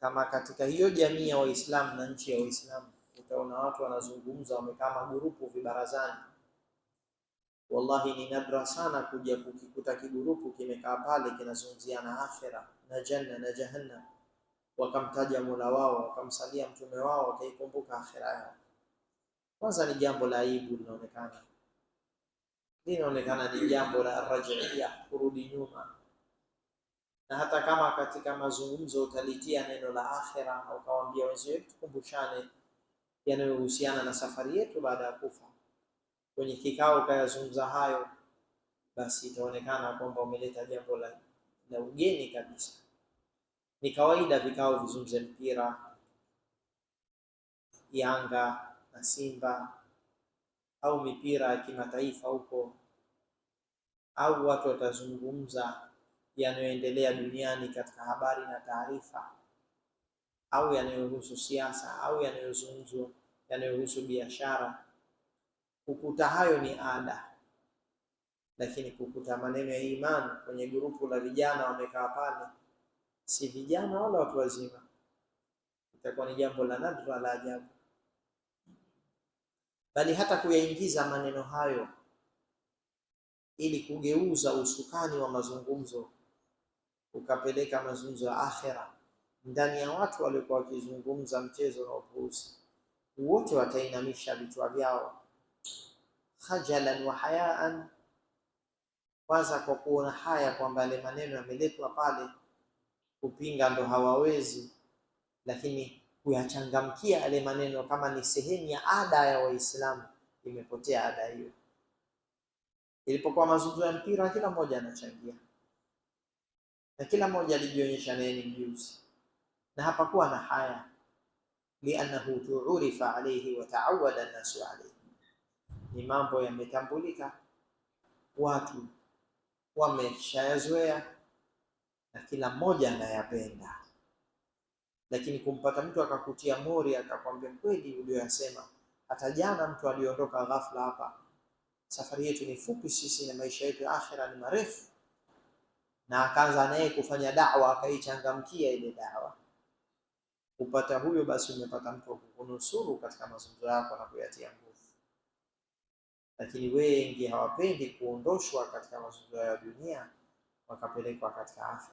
kama katika hiyo jamii ya Waislamu na nchi ya Waislamu utaona watu wanazungumza wamekaa magurupu vibarazani. Wallahi, ni nadra sana kuja kukikuta kigurupu kimekaa pale kinazungumziana akhera na janna na jahannam, wakamtaja mola wao wakamsalia mtume wao wakaikumbuka akhera yao. Kwanza ni jambo la aibu linaonekana, linaonekana ni jambo la rajiia kurudi nyuma na hata kama katika mazungumzo utalitia neno la akhira, au kawaambia wenzetu tukumbushane yanayohusiana na safari yetu baada ya kufa, kwenye kikao ukayazungumza hayo, basi itaonekana kwamba umeleta jambo la, la ugeni kabisa. Ni kawaida vikao vizungumze mpira, Yanga na Simba au mipira ya kimataifa huko, au watu watazungumza yanayoendelea duniani katika habari na taarifa, au yanayohusu siasa au yanayozungumzwa yanayohusu biashara. Kukuta hayo ni ada, lakini kukuta maneno ya imani kwenye grupu la vijana wamekaa pale, si vijana wala watu wazima, itakuwa ni jambo la nadra la ajabu. Bali hata kuyaingiza maneno hayo ili kugeuza usukani wa mazungumzo ukapeleka mazungumzo ya akhera ndani ya watu waliokuwa wakizungumza mchezo na upuuzi, wote watainamisha vichwa vyao. Khajalan wa hayaan, kwanza kwa kuona haya kwamba yale maneno yameletwa pale, kupinga ndo hawawezi, lakini kuyachangamkia yale maneno kama ni sehemu ya ada ya Waislamu, imepotea ada hiyo. Ilipokuwa mazungumzo ya mpira, kila mmoja anachangia na kila mmoja alijionyesha naye ni mjuzi, na hapakuwa na haya. Liannahu tuurifa alayhi wa taawada an-nasu alayhi, ni mambo yametambulika, watu wameshayazoea na kila mmoja anayapenda. Lakini kumpata mtu akakutia mori akakwambia kweli ulioyasema, hata jana mtu aliondoka ghafla hapa. Safari yetu ni fupi sisi na maisha yetu ya akhira ni marefu na akaanza naye kufanya dawa, akaichangamkia ile dawa, kupata huyo, basi umepata mtu wa kukunusuru katika mazungumzo yako na kuyatia nguvu. Lakini wengi hawapendi kuondoshwa katika mazungumzo ya dunia, wakapelekwa katika afya.